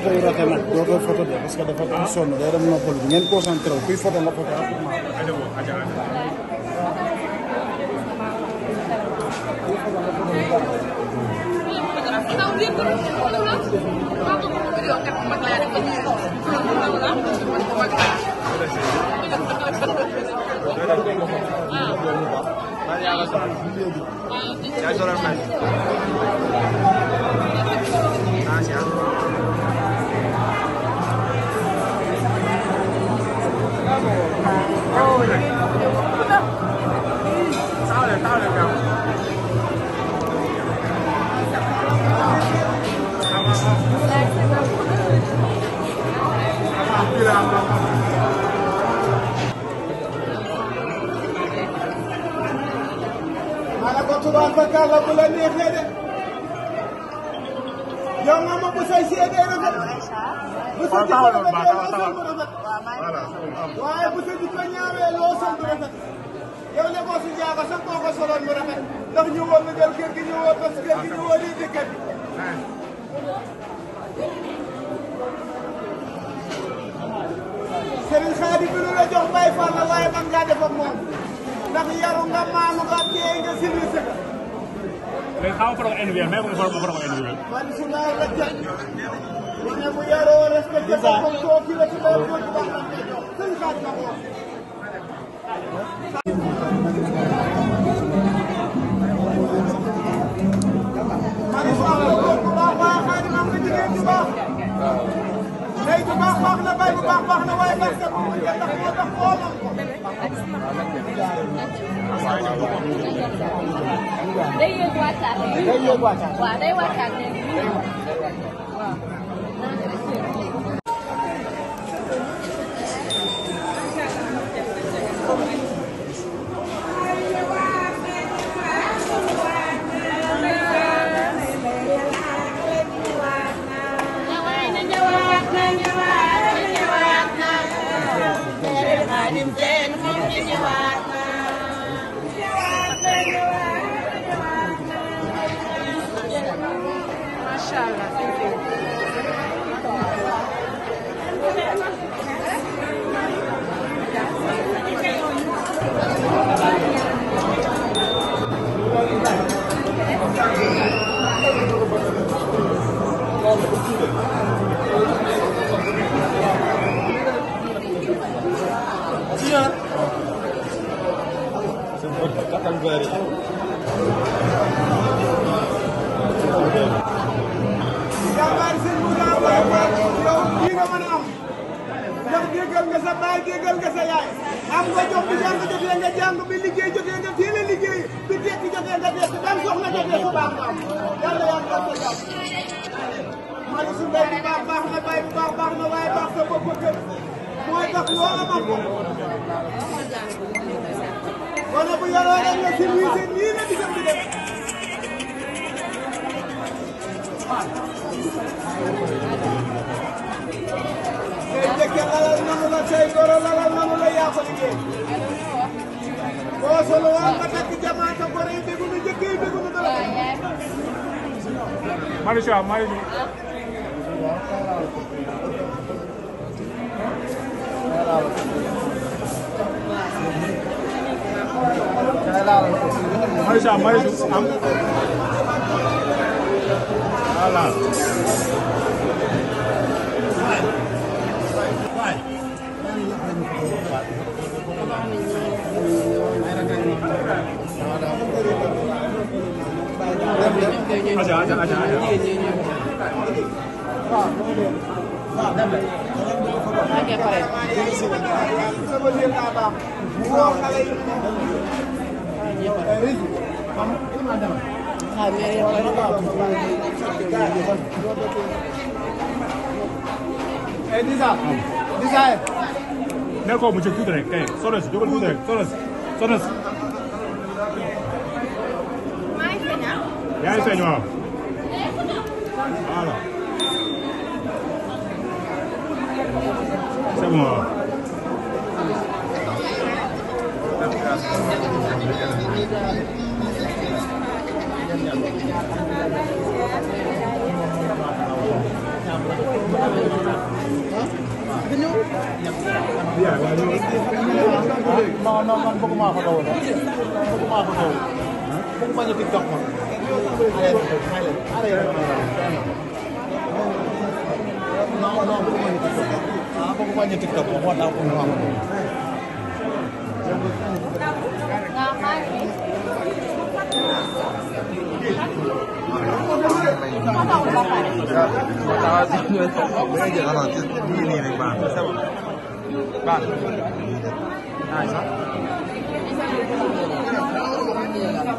photo yu rafet nag doo koy photo de parce que dafa ko sonn day dem noppalu ngeen concentré wu kuy photo nga photo rapidement. Ah, tabarkalla bu la neexee de yow nga ma bu say see day rafet bu sa jikko rafet loo sant bu rafet waaye bu sa jikko ñaawee loo sant bu rafet yow ne ko su jaaga sax koo ko soloon mu rafet ndax ñu woon na jël kër gi ñu woon parce que kër gi ñu woon lii dëkkat bi Serigne Khady bi nu la jox Baye Fall la waaye man ngaa def ak moom ndax yaru nga maanu nga téye nga sinisé léegi xaaral ma faral ko NVL mais ma faral ma faral ko NVL. man su ma la jàng mu ne mu yaroo respecté ko comme soo kii la ci loolu mooy bu baax la sëñ Sadio Ba ko wax. Thank you. day yëg waat saa day yëg waat saa waaw day waat saa incha Sen bak, katan bari. ngeen def yéen benn soxna def yéen bu baax naam yàlla yàlla def sa jàmm Malick Sy Mbaye bu baax baax na bay bu baax baax na waaye baax sa bopp kër mooy tax loo amal ko wala bu yoroo rek nga si lii si nii la gisam di def tey jëkkër lalal nanu la tey goro lalal nanu la yaa ko liggéey boo solo woon nga takk jamaata gore yi déglu njëkk yi déglu dara. Maricha maa ngi Maricha maa ngi am voilà. अच्छा अच्छा अच्छा जी जी जी आगे परे हाँ मेरे दिशा दिशा है देखो मुझे दूध रहे कहीं सोनस जो दूध रहे सोनस सोनस ñaari feeñ waaw voilà c'est bon waaw non non man bëgguma ko daw bëgguma ko daw ผมมาจะติดต่อมาอะไรอะไรน้องน้องผมมาจะติดต่อมาผมมาจะติดต่อมาเพราะเราคนทำนี่นี่เลยบ้างใช่ไหมบ้างได้ครับ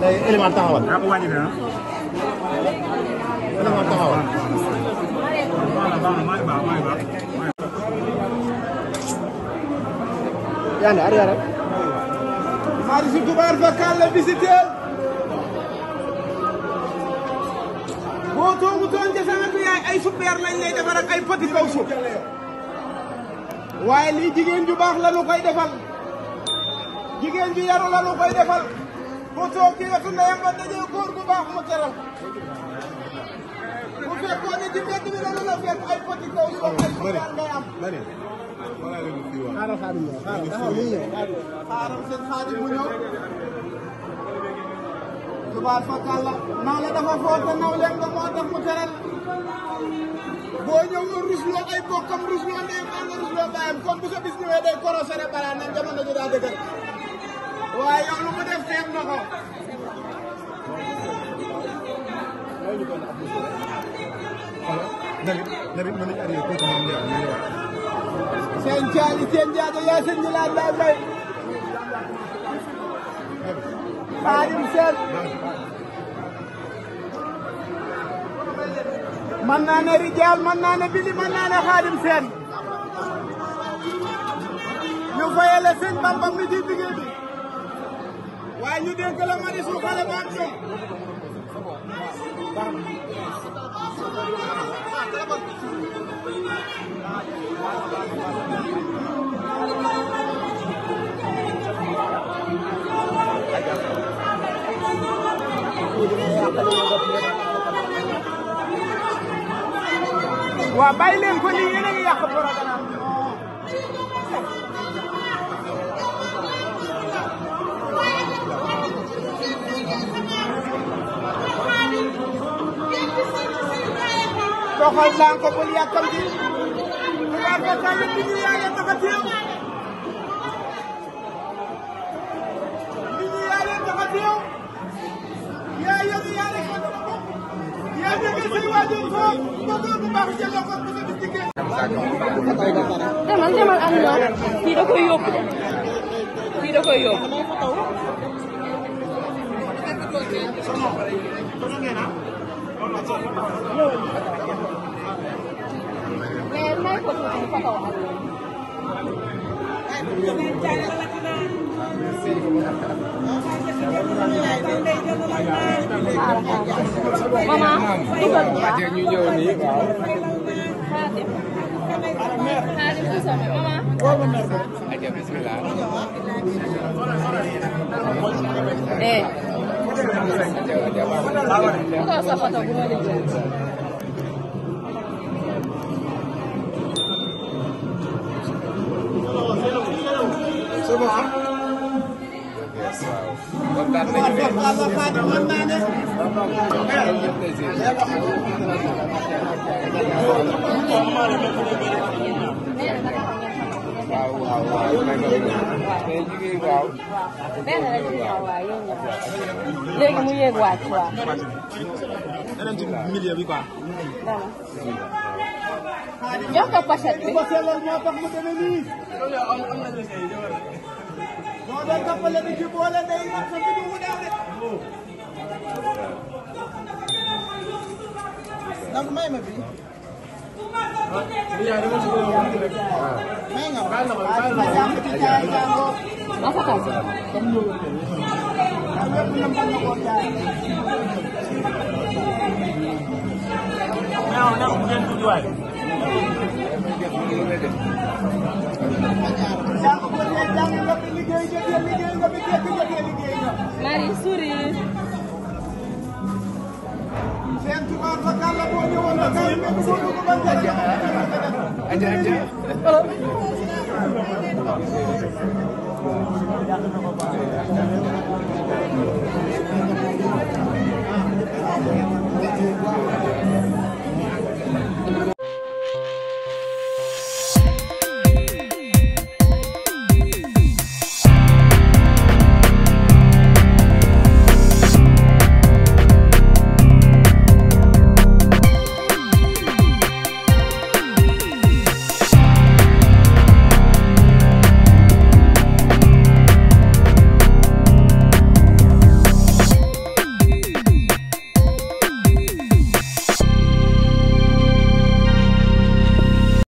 léegi élément taxawal. daa ko wàññi de ah. élément taxawal. yaa ngi arrière rek. maa ngi si Dubaar ba kan la visité. boo toogu doon jëfandikoo yaay ay super lañ lay defar ak ay petit kaw suuf. waaye lii jigéen ju baax la nu koy defal jigéen ju yaru la koy defal ku toog ci wetu ndeyam ba góor gu baax mu teral bu fekkoon ne ci mbedd bi la la fekk ay poti kaw yu ay fukkaar am. xaaral xaaral ñëw xaaral xaaral mu ñëw. xaaral seen la. naa la dafa foote naw leen nga moo tax mu teral. boo ñëw nga rusloo ay bokkam rusloo ndeyam am nga rusloo baayam kon bu sa bis ñëwee day korosere balaa nan jamono ji daa dëgër waaye yow lu mu def seen caali seen jaago yaa seen ñu laaj laaj bay xaadim seen mën naa Rijaal mën naa ne Bindi mën Xaadim Seen ñu fayale seen bambam mi ci liggéey bi waaye ñu dénk la Marichou xale ba am waaw bàyyi leen ko lii yéen a ngi yàq programme doxal naa ko bul yàkkam di. bu yàgg a tànn nit ñi yaa ngi tax a teew. demal demal am na kii da koy yóbbu kii da koy yóbbu. mais may ko tuuti photo am na. maman dugal bu baax ñu ñëw nii waaw. xaadim xaadim bu soobee maman. aja bismillah. eh. bu ko sa photo bu ma la jël. waaw waaw waaw tey jigéen waaw. benn la ci ñoom waaw yéen ñëpp léegi mu yéeg wàcc waaw. danañ ci milieu bi quoi. dana. jox ko pochette bi. moo doon toppale bi ci boole ndey mag sa bi mu daaw de donc may ma bi may nga ma jàng ci jaay jàngoo ma fa kaw comme ñu ñëpp ñu mën na ko jaay non non ngeen tudd waay Marie sourire. Seen Tuubaa sa kàlla boo ñëwoon la kàlla nga bëggoon ko ko bañ a jàpp.